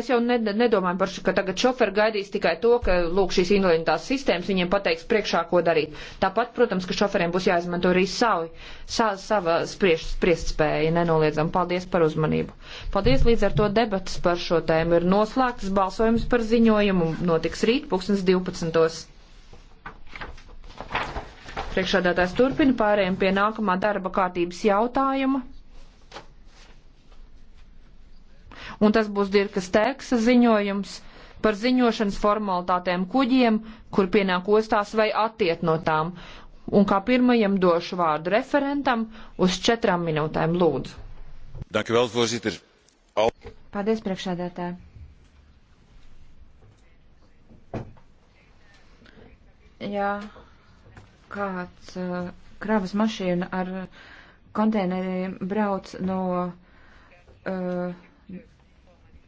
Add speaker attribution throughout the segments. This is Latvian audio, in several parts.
Speaker 1: Es jau ned nedomāju par šo, ka tagad šoferi gaidīs tikai to, ka, lūk, šīs invaliditātes sistēmas viņiem pateiks priekšā, ko darīt. Tāpat, protams, ka šoferiem būs jāizmanto arī savi, sa, sava spriež, spriestspēja, nenoliedzam. Paldies par uzmanību. Paldies, līdz ar to debatas par šo tēmu ir noslēgtas, balsojums par ziņojumu notiks rīt, 2012. Priekšādātājs turpina pārējiem pie nākamā darba kārtības jautājuma. un tas būs Dirkas Terksa ziņojums par ziņošanas formalitātēm kuģiem, kur pienāk ostās vai attiet no tām. Un kā pirmajam došu vārdu referentam uz četrām minūtēm lūdzu.
Speaker 2: Dankjewel, voorzitter. Al...
Speaker 1: Paldies, priekšādātāji.
Speaker 3: Jā, kāds uh, kravas mašīna ar konteineriem brauc no uh,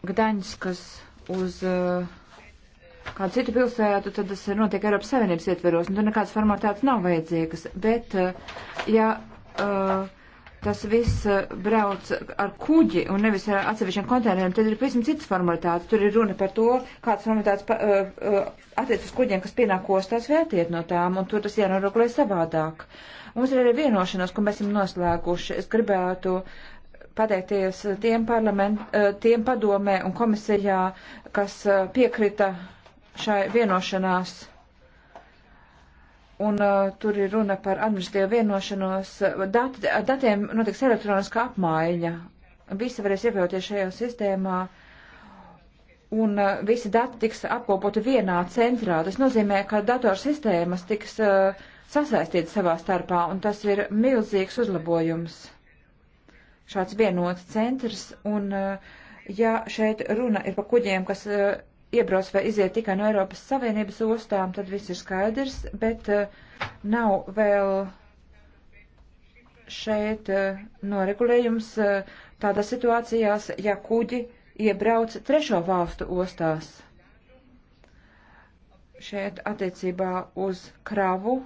Speaker 3: Gdaņskas uz uh, kādu citu pilsētu, tad tas notiek Eiropas Savienības ietveros, un tur nekādas formalitātes nav vajadzīgas. Bet, uh, ja uh, tas viss brauc ar kuģi un nevis ar atsevišķiem konteineriem, tad ir pavisam citas formalitātes. Tur ir runa par to, kādas formalitātes uh, attiec uz kuģiem, kas pienāk ostās vērtiet no tām, un tur tas jānorogulē savādāk. Mums ir arī vienošanās, ko mēs esam noslēguši. Es gribētu uh, pateikties tiem, eh, tiem padomē un komisijā, kas eh, piekrita šai vienošanās. Un uh, tur ir runa par administratīvu vienošanos. Dat, datiem notiks elektroniska apmaiņa. Visi varēs iekļauties šajā sistēmā. Un uh, visi dati tiks apkopoti vienā centrā. Tas nozīmē, ka datorsistēmas tiks uh, sasaistītas savā starpā, un tas ir milzīgs uzlabojums šāds vienots centrs, un eh, ja šeit runa ir par kuģiem, kas eh, iebrauc vai iziet tikai no Eiropas Savienības ostām, tad viss ir skaidrs, bet eh, nav vēl šeit noregulējums tādās situācijās, ja kuģi iebrauc trešo valstu ostās. Šeit attiecībā uz kravu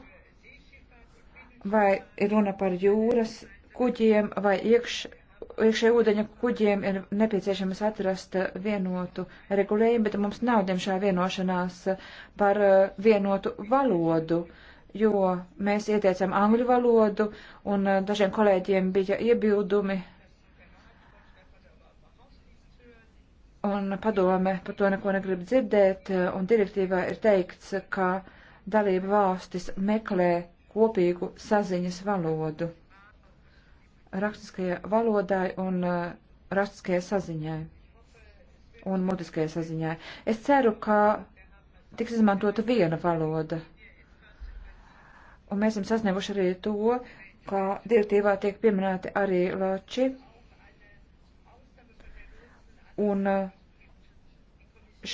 Speaker 3: vai runa par jūras kuģiem vai iekš, iekšē ūdeņa kuģiem ir nepieciešams atrast vienotu regulējumu, bet mums nav diemžēl vienošanās par eh, vienotu valodu, jo mēs ieteicam angļu valodu un eh, dažiem kolēģiem bija iebildumi. Un padome par to neko negrib dzirdēt, eh, un direktīvā ir teikts, ka dalība valstis meklē kopīgu saziņas valodu rakstiskajai valodai un uh, rakstiskajai saziņai un mutiskajai saziņai. Es ceru, ka tiks izmantota viena valoda. Un mēs esam sasnieguši arī to, ka direktīvā tiek pieminēti arī lāči. Un uh,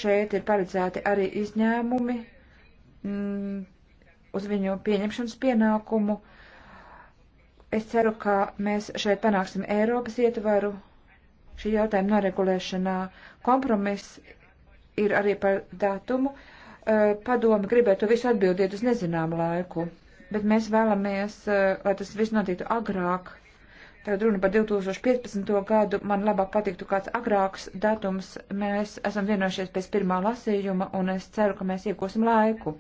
Speaker 3: šeit ir paredzēti arī izņēmumi mm, uz viņu pieņemšanas pienākumu. Uh, Es ceru, ka mēs šeit panāksim Eiropas ietvaru šī jautājuma noregulēšanā. Kompromiss ir arī par datumu. Padomi gribētu visu atbildēt uz nezināmu laiku, bet mēs vēlamies, lai tas viss notiktu agrāk. Tagad runa par 2015. gadu. Man labāk patiktu kāds agrāks datums. Mēs esam vienojušies pēc pirmā lasījuma, un es ceru, ka mēs iegūsim laiku.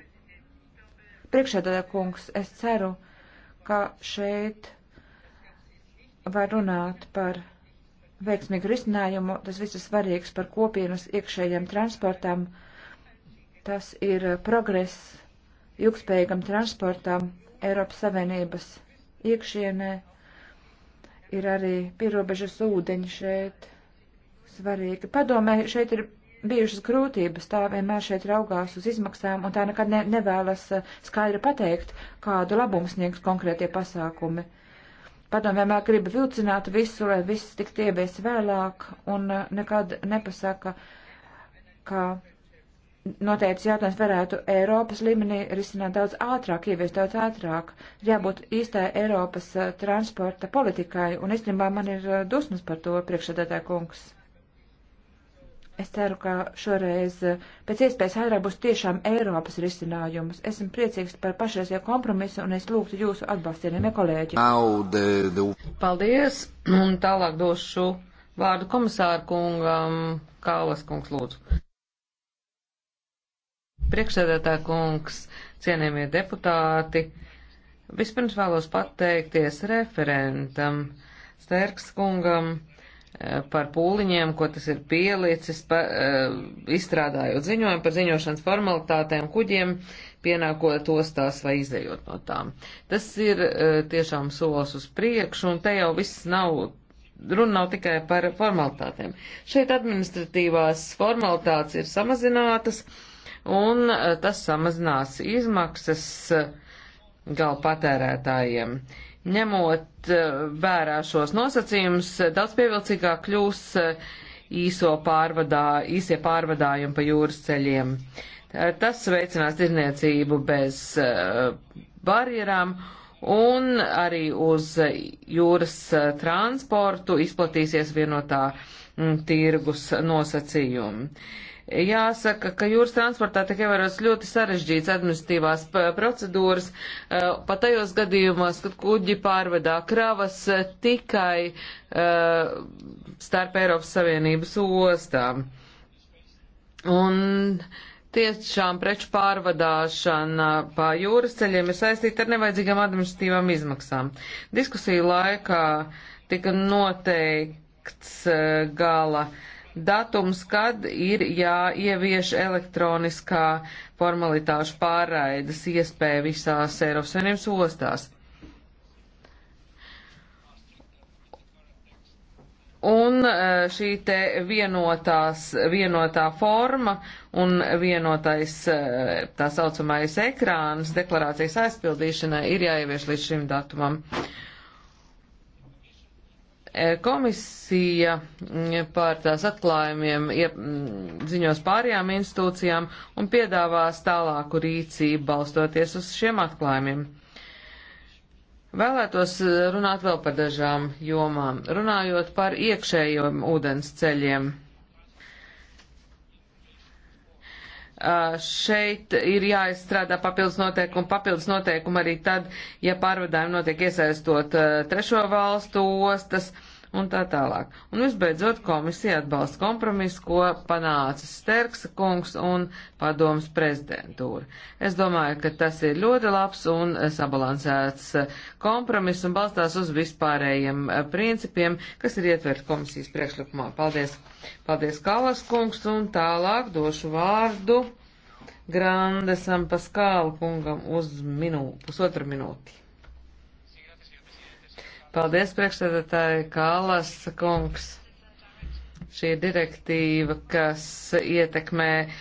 Speaker 3: Priekšēdētā kungs, es ceru, ka šeit var runāt par veiksmīgu risinājumu, tas viss ir svarīgs par kopienas iekšējiem transportam, tas ir progress ilgspējīgam transportam Eiropas Savienības iekšienē, ir arī pierobežas ūdeņi šeit svarīgi. Padomē, šeit ir bijušas grūtības, tā vienmēr šeit raugās uz izmaksām, un tā nekad ne, nevēlas skaidri pateikt, kādu labumu sniegs konkrētie pasākumi. Uh, Padomu vienmēr grib vilcināt visu, lai viss tik tiebies vēlāk un eh, nekad nepasaka, ka noteikts jautājums varētu Eiropas līmenī risināt daudz ātrāk, ieviest daudz ātrāk. Jābūt īstai Eiropas eh, transporta politikai, un īstenībā man ir eh, dusmas par to priekšsēdētāja kungs. Es ceru, ka šoreiz eh, pēc iespējas ātrāk būs tiešām Eiropas risinājums. Esmu priecīgs par pašreizie kompromisu un es lūgtu jūsu atbalstu, cienījamie kolēģi. Paldies,
Speaker 2: un tālāk došu vārdu komisāru kungam Kālas kungs lūdzu. Priekšsēdētā kungs, cienījamie deputāti, vispirms vēlos pateikties referentam Sterks kungam Eh, par pūliņiem, ko tas ir pielicis, pa, eh, izstrādājot ziņojumu par ziņošanas formalitātēm kuģiem, pienākot ostās vai izējot no tām. Tas ir eh, tiešām solis uz priekšu, un te jau viss nav, runa nav tikai par formalitātēm. Šeit administratīvās formalitātes ir samazinātas, un tas samazinās izmaksas galpatērētājiem. patērētājiem Ņemot eh, vērā šos nosacījumus, daudz pievilcīgāk kļūs eh, īso pārvadā, īsie pārvadājumi pa jūras ceļiem. Eh, tas veicinās tirniecību bez barjerām un arī uz jūras transportu izplatīsies vienotā mm, tirgus nosacījumi. Jāsaka, ka jūras transportā tiek ievēros ļoti sarežģīts administratīvās procedūras, pat tajos gadījumos, kad kuģi pārvedā kravas tikai uh, starp Eiropas Savienības ostām. Un tiešām preču pārvadāšana pa jūras ceļiem ir saistīta ar nevajadzīgām administratīvām izmaksām. Diskusiju laikā tika noteikts uh, gala uh, datums, kad ir jāievieš elektroniskā formalitāšu pārraides iespēja visās Eiropas Savienības ostās. Un e, šī te vienotās, vienotā forma un vienotais e, tā saucamais ekrāns deklarācijas aizpildīšanai ir jāievieš līdz šim datumam. Uh, E, komisija mm, par tās atklājumiem mm, ziņos pārējām institūcijām un piedāvās tālāku rīcību balstoties uz šiem atklājumiem. Vēlētos e, runāt vēl par dažām jomām, runājot par iekšējiem ūdens ceļiem. Uh, šeit ir jāizstrādā papildus noteikumi, papildus noteikumi arī tad, ja pārvadājumi notiek iesaistot uh, trešo valstu ostas. Uh, un tā tālāk. Un visbeidzot, komisija atbalsta kompromisu, ko panāca Sterksa kungs un padomas prezidentūra. Es domāju, ka tas ir ļoti labs un sabalansēts eh, kompromiss un balstās uz vispārējiem eh, principiem, kas ir ietverti komisijas priekšlikumā. Paldies! Paldies, Kalas kungs, un tālāk došu vārdu Grandesam Paskālu kungam uz minūti, pusotru minūti. Paldies, priekšsēdētāji Kālas kungs. Šī direktīva, kas ietekmē uh,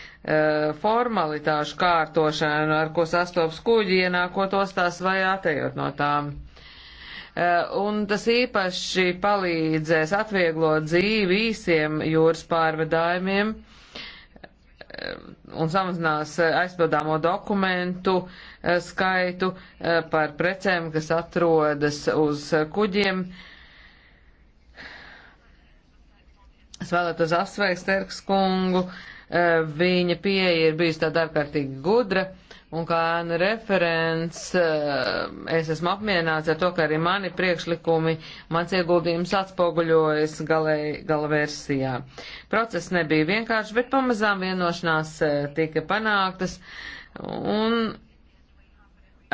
Speaker 2: formalitāšu kārtošanu, ar ko sastopas kuģi ienākot ostās vai atejot no tām eh, un tas īpaši palīdzēs atvieglot dzīvi īsiem jūras pārvadājumiem un samazinās eh, aizpildāmo dokumentu eh, skaitu eh, par precēm, kas atrodas uz kuģiem. Es vēlētos apsveikt Terkskungu, viņa pieeja ir bijusi tāda ārkārtīgi gudra Un kā ēna referents, eh, es esmu apmierināts ar to, ka arī mani priekšlikumi, mans ieguldījums atspoguļojas galai, gala versijā. Process nebija vienkāršs, bet pamazām vienošanās eh, tika panāktas. Un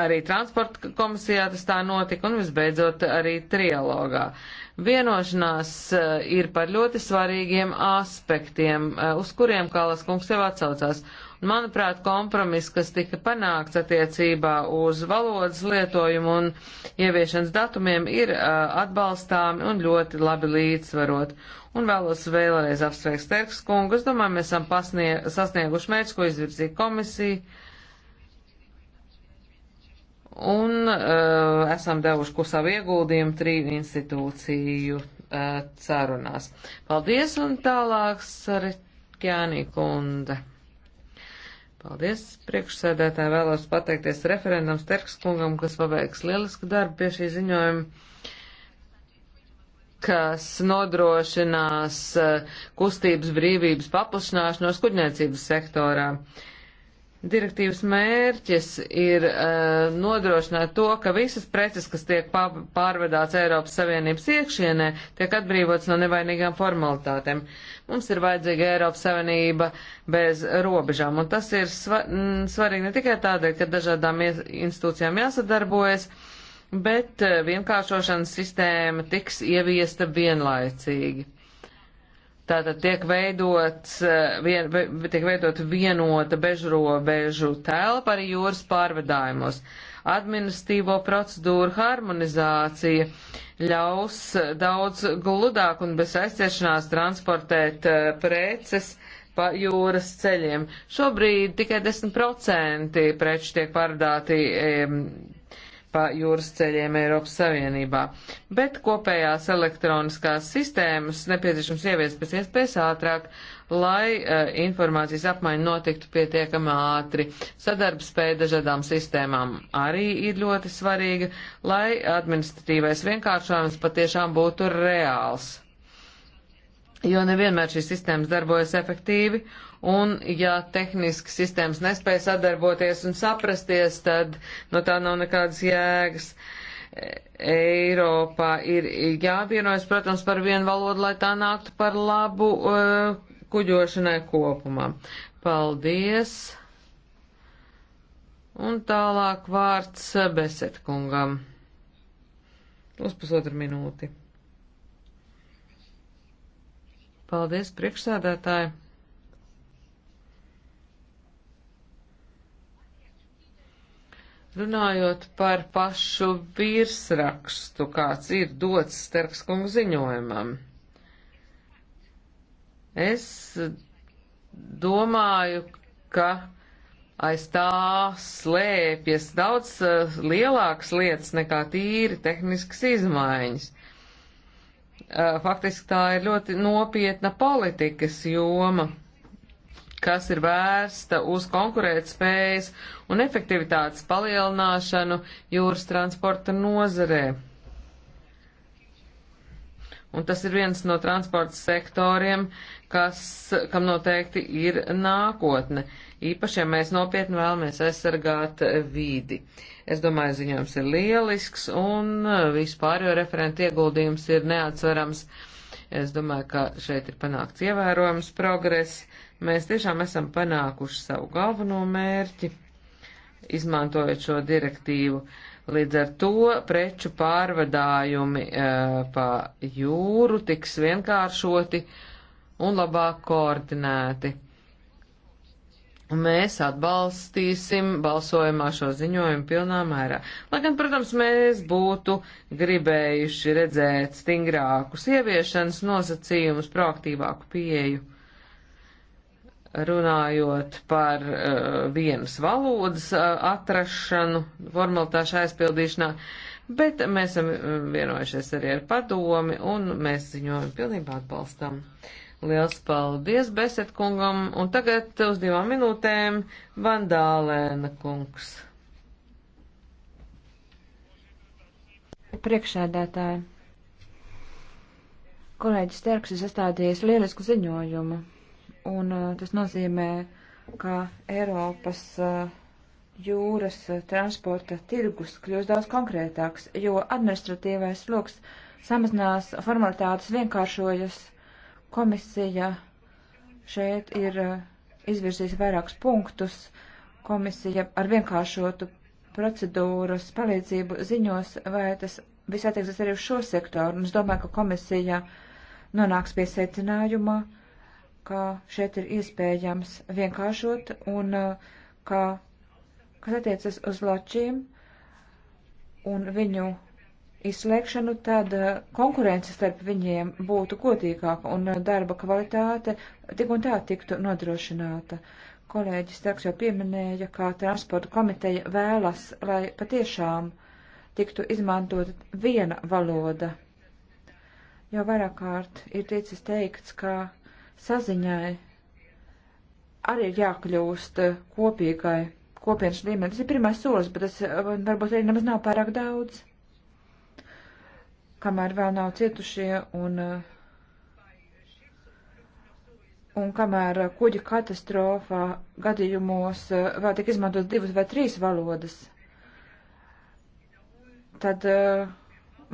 Speaker 2: arī transporta komisijā tas tā notika, un visbeidzot arī trialogā. Uh, Vienošanās eh, ir par ļoti svarīgiem aspektiem, eh, uz kuriem Kalas kungs jau atsaucās. Un, manuprāt, kompromiss, kas tika panākts attiecībā uz valodas lietojumu un ieviešanas datumiem, ir eh, atbalstāmi un ļoti labi līdzsvarot. Un vēlos vēlreiz apsveikt Sterks kungu. Es domāju, mēs esam pasnie, sasnieguši mērķus, ko izvirzīja komisija un uh, esam devuši ko savu ieguldījumu trīs institūciju uh, sarunās. Paldies un tālāk Sarikjānī kunde. Paldies, priekšsēdētāji, vēlos pateikties referendums Terks kungam, kas paveiks lielisku darbu pie šī ziņojuma kas nodrošinās uh, kustības brīvības paplašināšanos kuģniecības sektorā. Uh, Direktīvas mērķis ir uh, nodrošināt to, ka visas preces, kas tiek pārvedāts Eiropas Savienības iekšienē, tiek atbrīvots no nevainīgām formalitātēm. Mums ir vajadzīga Eiropas Savienība bez robežām, un tas ir sva mm, svarīgi ne tikai tādēļ, ka dažādām institūcijām jāsadarbojas, bet eh, vienkāršošanas sistēma tiks ieviesta vienlaicīgi. Tātad tiek, veidots, eh, vien, tiek veidot vienota bežrobežu telpa arī jūras pārvadājumos. Administīvo procedūru harmonizācija ļaus daudz gludāk un bez aizciešanās transportēt eh, preces pa jūras ceļiem. Šobrīd tikai 10% preču tiek pārdāti pa jūras ceļiem Eiropas Savienībā. Bet kopējās elektroniskās sistēmas nepieciešams ieviest pēc iespējas ātrāk, lai uh, informācijas apmaiņa notiktu pietiekami ātri. Sadarbspēja dažādām sistēmām arī ir ļoti svarīga, lai administratīvais vienkāršojums patiešām būtu reāls. Jo nevienmēr šīs sistēmas darbojas efektīvi Un, ja tehniski sistēmas nespēja sadarboties un saprasties, tad no tā nav nekādas jēgas. E, Eiropā ir jāvienojas, protams, par vienu valodu, lai tā nāktu par labu uh, kuģošanai kopumā. Paldies! Un tālāk vārds Besetkungam. Uz pusotru minūti. Paldies, priekšsēdētāji! Runājot par pašu virsrakstu, kāds ir dots Sterkskungu ziņojumam, es domāju, ka aiz tā slēpjas daudz uh, lielākas lietas nekā tīri tehniskas izmaiņas. Uh, faktiski tā ir ļoti nopietna politikas joma kas ir vērsta uz konkurētspējas un efektivitātes palielināšanu jūras transporta nozarē. Un tas ir viens no transporta sektoriem, kas, kam noteikti ir nākotne. Īpaši, ja mēs nopietni vēlamies aizsargāt vīdi. Es domāju, ziņojums ir lielisks un vispār jo referenta ieguldījums ir neatsverams. Es domāju, ka šeit ir panākts ievērojams progress. Mēs tiešām esam panākuši savu galveno mērķi, izmantojot šo direktīvu. Līdz ar to preču pārvadājumi uh, pa jūru tiks vienkāršoti un labāk koordinēti. Mēs atbalstīsim balsojumā šo ziņojumu pilnā mērā. Lai gan, protams, mēs būtu gribējuši redzēt stingrākus ieviešanas nosacījumus, proaktīvāku pieeju runājot par uh, vienas valodas uh, atrašanu, formalitāšu aizpildīšanā, bet mēs esam eh, vienojušies arī ar padomi un mēs ziņojumu pilnībā atbalstam. Liels paldies Beset kungam un tagad uz divām minūtēm Vandālēna kungs. Priekšēdētāji.
Speaker 3: Kolēģis Terks ir sastādījis lielisku ziņojumu un eh, tas nozīmē, ka Eiropas eh, jūras eh, transporta tirgus kļūs daudz konkrētāks, jo administratīvais sloks samazinās, formalitātes vienkāršojas, komisija šeit ir izvirzījis vairākus punktus, komisija ar vienkāršotu procedūras palīdzību ziņos, vai tas viss attieksies arī uz šo sektoru, un es domāju, ka komisija nonāks pie secinājuma, uh, ka šeit ir iespējams vienkāršot un uh, ka, kas attiecas uz lačiem un viņu izslēgšanu, tad uh, konkurence starp viņiem būtu godīgāka un uh, darba kvalitāte tik un tā tiktu nodrošināta. Kolēģis Taks jau pieminēja, ka transporta komiteja vēlas, lai patiešām tiktu izmantota viena valoda. Jau vairāk kārt ir ticis teikts, ka saziņai arī ir jākļūst kopīgai, kopienas līmenī. Tas ir pirmais solis, bet tas eh, varbūt arī nemaz nav pārāk daudz, kamēr vēl nav cietušie un, eh, un kamēr kuģa katastrofā gadījumos eh, vēl tik izmantot divas vai trīs valodas. Tad uh,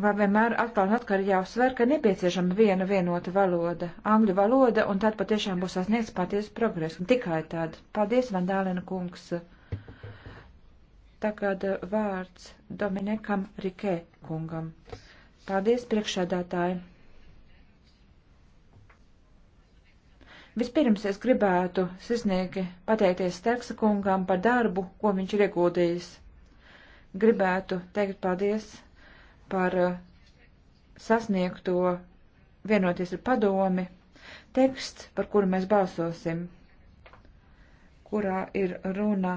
Speaker 3: vai vienmēr atkal un atkal ir jāuzsver, ka nepieciešama viena vienota valoda, angļu valoda, un tad patiešām būs sasniegts patiesa progress, un tikai tāda. Paldies, Vandālina kungs. Tagad vārds Dominikam Rikē kungam. Paldies, priekšsēdētāji. Vispirms es gribētu sirsnīgi pateikties Sterksa kungam par darbu, ko viņš ir ieguldījis. Gribētu teikt paldies par eh, sasniegto vienoties ar padomi, teksts, par kuru mēs balsosim, kurā ir runa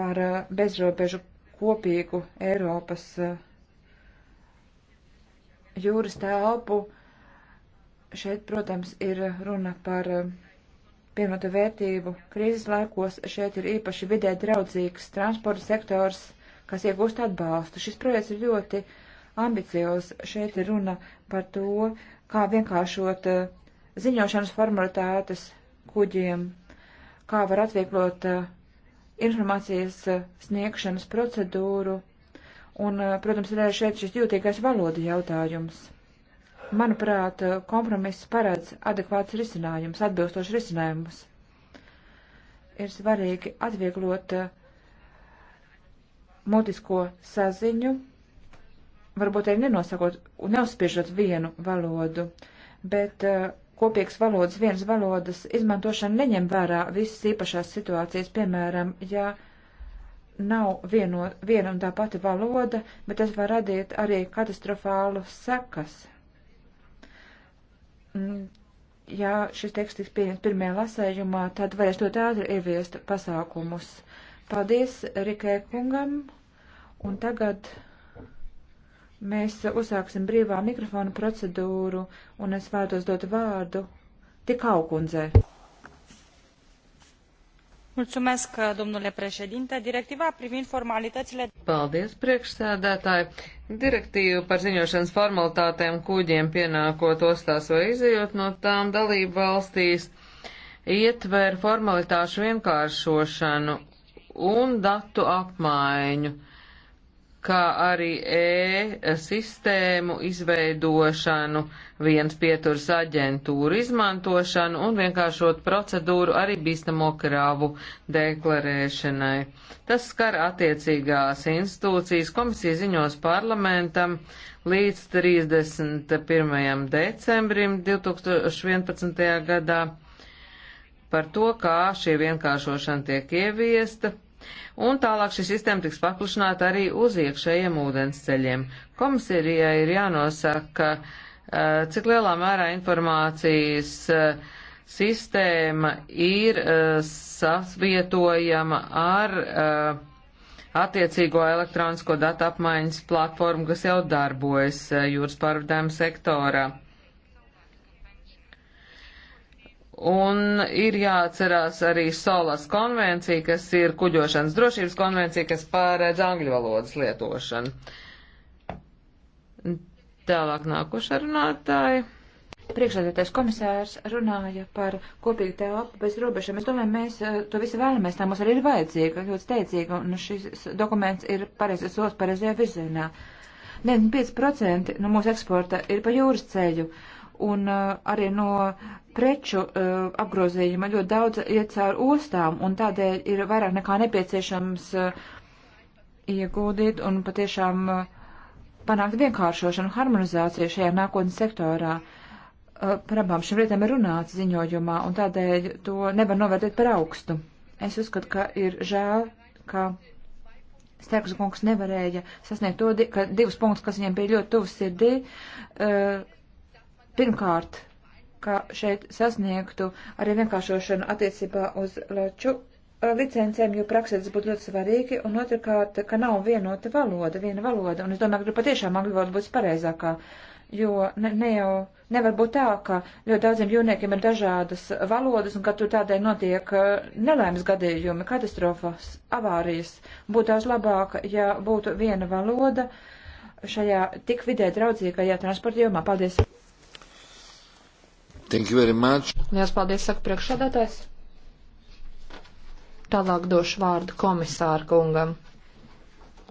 Speaker 3: par eh, bezrobežu kopīgu Eiropas eh, jūras telpu. Šeit, protams, ir runa par pievienotu vērtību. Krīzes laikos šeit ir īpaši vidē draudzīgs transporta sektors kas iegūst atbalstu. Šis projekts ir ļoti ambiciozs. Šeit ir runa par to, kā vienkāršot eh, ziņošanas formalitātes kuģiem, kā var atvieglot eh, informācijas eh, sniegšanas procedūru. Un, protams, ir arī šeit šis jūtīgais valoda jautājums. Manuprāt, kompromiss paredz adekvāts risinājums, atbilstošs risinājumus. Ir svarīgi atvieglot uh, mutisko saziņu, varbūt arī nenosakot un neuzspiežot vienu valodu, bet uh, kopīgs valodas, vienas valodas izmantošana neņem vērā visas īpašās situācijas, piemēram, ja nav vieno, viena un tā pati valoda, bet tas var radīt arī katastrofālu sekas. Mm, ja šis teksts tiks pieņemts pirmajā lasējumā, tad varēs ļoti ātri ieviest pasākumus. Uh, Paldies Rikē kungam. Un tagad mēs uzsāksim brīvā mikrofona procedūru, un es vēlētos dot vārdu Tikau kundzei. Mulțumesc, domnule președinte. Directiva privind formalitățile...
Speaker 2: Paldies, priekšsēdētāji. Direktīva par ziņošanas formalitātēm kuģiem pienākot ostās vai izējot no tām dalību valstīs ietver formalitāšu vienkāršošanu un datu apmaiņu, kā arī e-sistēmu izveidošanu, viens pieturs aģentūru izmantošanu un vienkāršot procedūru arī bīstamo kravu deklarēšanai. Tas skar attiecīgās institūcijas komisija ziņos parlamentam līdz 31. decembrim 2011. gadā par to, kā šī vienkāršošana tiek ieviesta un tālāk šī sistēma tiks paplašināta arī uz iekšējiem ūdensceļiem. Komisijai ir jānosaka, cik lielā mērā informācijas sistēma ir savietojama ar attiecīgo elektronisko datu apmaiņas platformu, kas jau darbojas jūras pārvadājuma sektorā. Un ir jāatcerās arī Solas konvencija, kas ir kuģošanas drošības konvencija, kas pārēdz angļu valodas lietošanu. Tālāk nākošā runātāja.
Speaker 3: Priekšsēdētais komisārs runāja par kopīgu telpu bez robežām. Es domāju, mēs eh, to visu vēlamies, tā mums arī ir vajadzīga, ļoti steidzīga, un šis dokuments ir pareizais solis pareizajā virzienā. 95% no mūsu eksporta ir pa jūras ceļu. Uh, un uh, arī no preču uh, apgrozījuma ļoti daudz iet caur ostām, un tādēļ ir vairāk nekā nepieciešams uh, ieguldīt un patiešām panākt vienkāršošanu, harmonizāciju šajā nākotnes sektorā. Par abām šīm lietām ir runāts ziņojumā, un tādēļ to nevar novērtēt par augstu. Es uzskatu, ka ir žēl, ka Sterks kungs nevarēja sasniegt to, ka divus punktus, kas viņam bija ļoti tuvs sirdī, uh, Pirmkārt, kā šeit sasniegtu arī vienkāršošanu attiecībā uz leču uh, licencēm, jo praksē tas būtu ļoti svarīgi, un otrkārt, ka nav vienota valoda, viena valoda, un es domāju, ka patiešām angļu valoda būs pareizākā, jo ne, ne jau nevar būt tā, ka ļoti daudziem jūniekiem ir dažādas valodas, un ka tur tādēļ notiek uh, nelēmas gadījumi, katastrofas, avārijas. Būtu daudz labāk, ja būtu viena valoda šajā tik vidē draudzīgajā transporta jomā. Paldies!
Speaker 2: Thank you very much.
Speaker 3: Lielas paldies, saka priekšsādātājs.
Speaker 1: Tālāk došu vārdu komisāra kungam.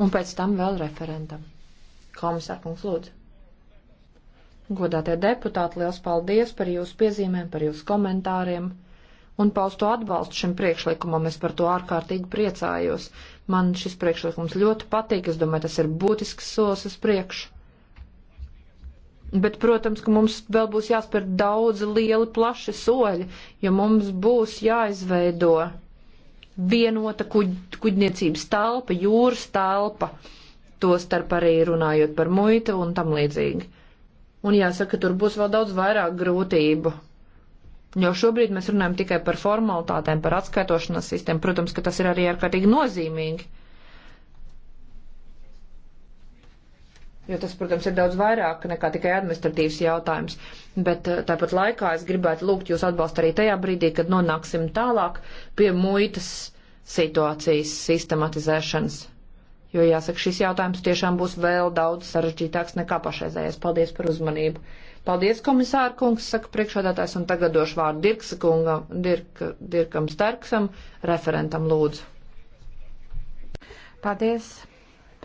Speaker 1: Un pēc tam vēl referentam. Komisāra kungs lūdzu. Godātie deputāti, liels paldies par jūsu piezīmēm, par jūsu komentāriem un paustu atbalstu šim priekšlikumam. Es par to ārkārtīgi priecājos. Man šis priekšlikums ļoti patīk. Es domāju, tas ir būtisks solis uz priekšu. Bet, protams, ka mums vēl būs jāspēr daudz lieli, plaši soļi, jo mums būs jāizveido vienota kuģ, kuģniecības telpa, jūras telpa, to starp arī runājot par muitu un tam līdzīgi. Un jāsaka, tur būs vēl daudz vairāk grūtību, jo šobrīd mēs runājam tikai par formalitātēm, par atskaitošanas sistēmu. Protams, ka tas ir arī ārkārtīgi nozīmīgi jo tas, protams, ir daudz vairāk nekā tikai administratīvs jautājums. Bet eh, tāpat laikā es gribētu lūgt jūs atbalstu arī tajā brīdī, kad nonāksim tālāk pie muitas situācijas sistematizēšanas. Jo, jāsaka, šis jautājums tiešām būs vēl daudz sarežģītāks nekā pašreizējais. Paldies par uzmanību. Paldies, komisāra kungs, saka priekšādātājs, un tagad došu vārdu Dirksa kungam, Dirk, Dirkam Starksam, referentam lūdzu.
Speaker 3: Paldies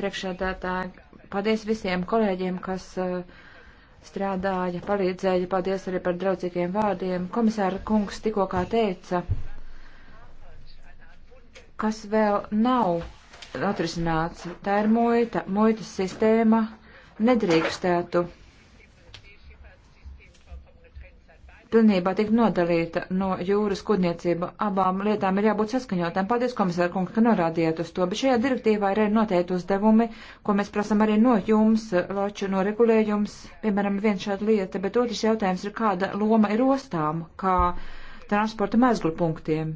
Speaker 3: priekšēdētāji. Paldies visiem kolēģiem, kas eh, strādāja, palīdzēja. Paldies arī par draudzīgiem vārdiem. Komisāra kungs tikko kā teica, kas vēl nav atrisināts, tā ir muita, muitas sistēma nedrīkstētu pilnībā tik nodalīta no jūras kudniecība. Abām lietām ir jābūt saskaņotām. Paldies, komisāra kungs, ka norādījāt uz to, bet šajā direktīvā ir arī noteikti uzdevumi, ko mēs prasam arī no jums, loču no regulējums, piemēram, viens šāda lieta, bet otrs jautājums ir, kāda loma ir ostām, kā transporta mezglu punktiem.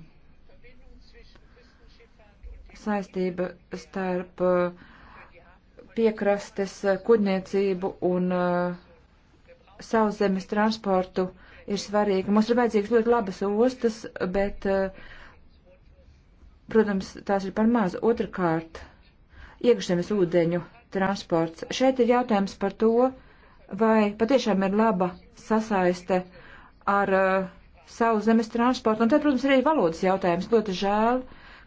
Speaker 3: Saistība starp uh, piekrastes uh, kudniecību un uh, sauszemes transportu uh, ir svarīga. Mums ir vajadzīgas ļoti labas ostas, bet, eh, protams, tās ir par maz. Otrakārt, iekšzemes ūdeņu transports. Šeit ir jautājums par to, vai patiešām ir laba sasaiste ar uh, savu zemes transportu. Un tad, protams, arī valodas jautājums. Ļoti žēl,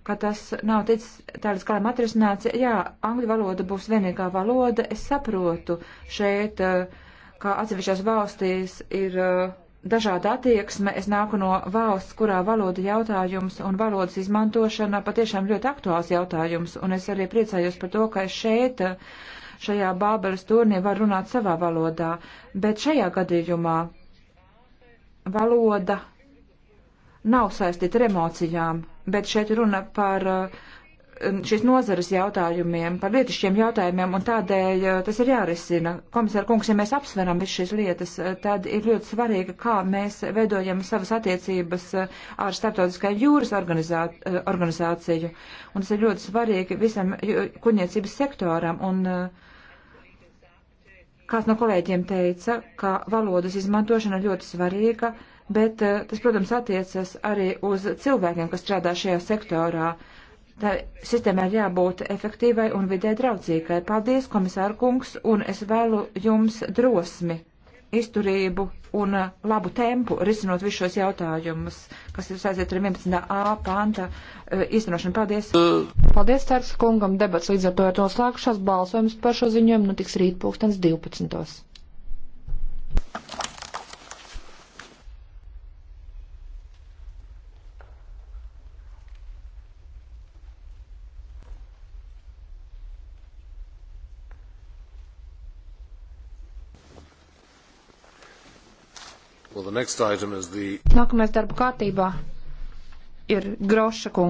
Speaker 3: ka tas nav ticis tādas kā atrisināts. Jā, angļu valoda būs vienīgā valoda. Es saprotu šeit, uh, eh, kā atsevišķās valstīs ir. Uh, dažāda attieksme. Es nāku no valsts, kurā valoda jautājums un valodas izmantošana patiešām ļoti aktuāls jautājums, un es arī priecājos par to, ka es šeit, šajā Bābeles turnī, varu runāt savā valodā. Bet šajā gadījumā valoda nav saistīta ar emocijām, bet šeit runa par uh, šīs nozares jautājumiem, par lietišķiem jautājumiem, un tādēļ uh, tas ir jārisina. Komisāra kungs, ja mēs apsveram visu šīs lietas, uh, tad ir ļoti svarīgi, kā mēs veidojam savas attiecības uh, ar starptautiskā jūras organizā, organizāciju, un tas ir ļoti svarīgi visam kuģniecības sektoram. Un, Kāds no kolēģiem teica, ka valodas izmantošana ļoti svarīga, bet tas, protams, attiecas arī uz cilvēkiem, kas strādā šajā sektorā. Uh, Tā sistēmai jābūt efektīvai un vidē draudzīgai. Paldies, komisāra kungs, un es vēlu jums drosmi, izturību un labu tempu risinot visus šos jautājumus, kas ir saistīti ar 11a panta eh, īstenošanu. Paldies! Paldies, Tērs kungam! Debats līdz ar to ir
Speaker 1: noslēgušās. Balsojums par šo ziņojumu notiks nu rīt pūkstens 12.
Speaker 2: The... Nākamais
Speaker 1: darba kārtībā ir Groša kunga.